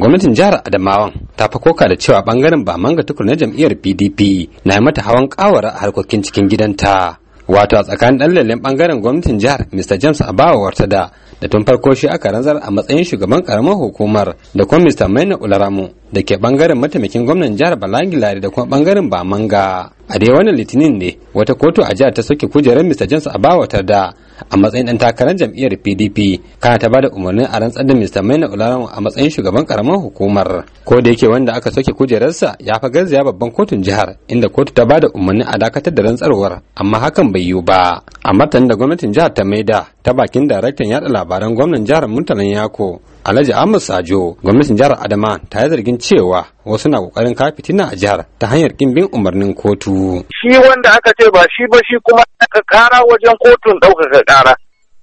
gwamnatin jihar adamawan ta koka da cewa bangaren ba manga tukur na jam'iyyar pdp na yi mata hawan kawara a harkokin cikin gidanta wato a tsakanin dan bangaren gwamnatin jihar mr james abawa wartada da tun farko shi aka rantsar a matsayin shugaban karamar hukumar da kuma mr maina ularamu da ke bangaren mataimakin gwamnan jihar balangilari da kuma bangaren ba manga. a dai wannan litinin ne wata kotu a jihar ta soke kujerar mr Jones a bawa ta da a matsayin dan takarar jam'iyyar pdp kana ta bada umarnin a rantsar da mr maina ularan a matsayin shugaban karamar hukumar ko da yake wanda aka soke kujerarsa ya fa garzaya babban kotun jihar inda kotu ta bada umarnin a dakatar da rantsarwar amma hakan bai yiwu ba a martanin da gwamnatin jihar ta maida ta bakin daraktan yada labaran gwamnan jihar murtalan yako Alhaji Ahmad Sajo gwamnatin jihar Adama ta yi zargin cewa wasu na kokarin ka fitina a jihar ta hanyar kin umarnin kotu. Shi wanda aka ce ba shi ba shi kuma aka kara wajen kotun ɗaukaka kara.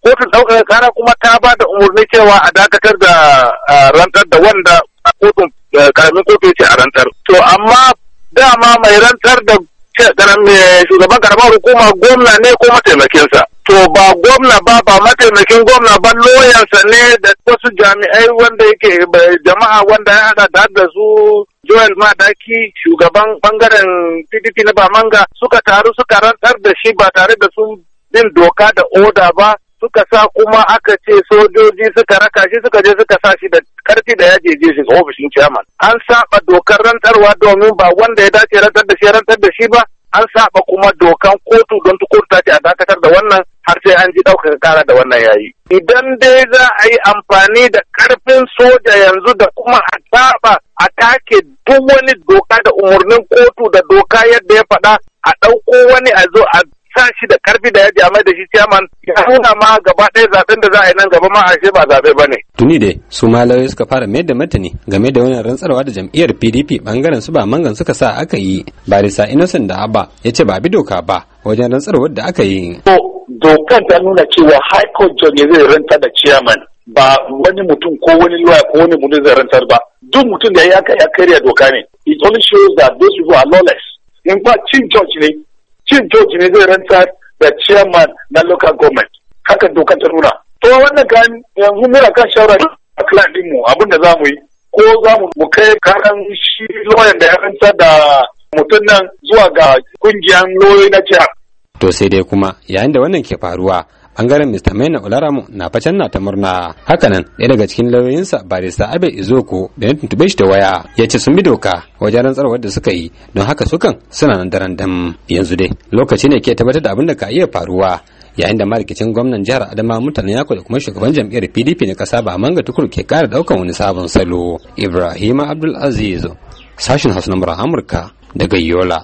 Kotun ɗaukaka kara kuma ta ba da umarni cewa a dakatar da rantar da wanda kotun karamin kotu ce a rantar. To amma dama mai rantar da eh, shugaban karamar hukuma gwamna ne ko mataimakinsa. to ba gwamna ba ba mataimakin gwamna ba loyansa ne da wasu jami'ai wanda yake jama'a wanda ya hada da da su Joel Madaki shugaban bangaren PDP na Bamanga suka taru suka rantsar da shi ba tare da sun bin doka da oda ba suka sa kuma aka ce sojoji suka raka shi suka je suka sa shi da karfi da yaje je shi ofishin chairman an saba dokar rantsarwa domin ba wanda ya dace rantsar da shi rantsar da shi ba an saba kuma dokan kotu don kotu ta ce a dakatar da wannan har sai an ji ɗaukar kara da wannan yayi. Idan dai za a yi amfani da ƙarfin soja yanzu da kuma a taɓa a take duk wani doka da umarnin kotu da doka yadda ya faɗa a ɗauko wani a zo a sa shi da karfi da ji amai da shi ciyaman ya nuna ma gaba ɗaya zaɓen da za a yi nan gaba ma a ba zabe ba ne. Tuni dai su suka fara mayar da martani game da wani rantsarwa da jam'iyyar PDP bangaren su ba mangan suka sa aka yi. Barisa Innocent da Abba ya ce ba bi doka ba wajen rantsarwar da aka yi. Dokar ta nuna cewa High Court Judge zai ranta da ciyaman ba wani mutum ko wani lawyer ko wani mutum zai rantar ba. Duk mutum da ya karya doka ne. It only shows that those people are lawless. In fact, chief judge ne Cin coci ne zai rantsar da chairman na local government haka doka ta nuna to wannan kan yanzu muna kan shawara a client din mu abin da zamu yi ko za mu kai karan shi lawyer da ya rantsar da mutum nan zuwa ga kungiyan lawyer na jihar to sai dai kuma yayin da wannan ke faruwa bangaren mr maina olaramu na facen na ta murna hakanan ɗaya daga cikin lauyoyinsa barista abe izoko da ya tuntube shi da waya ya ce sun bi doka wajen rantsarwar da suka yi don haka sukan suna nan daren dam yanzu dai lokaci ne ke tabbatar da abin da ka iya faruwa yayin da marikicin gwamnan jihar adama mutane yako da kuma shugaban jam'iyyar pdp na kasa ba manga tukur ke kara daukan wani sabon salo ibrahima abdul aziz sashin hausa na amurka daga yola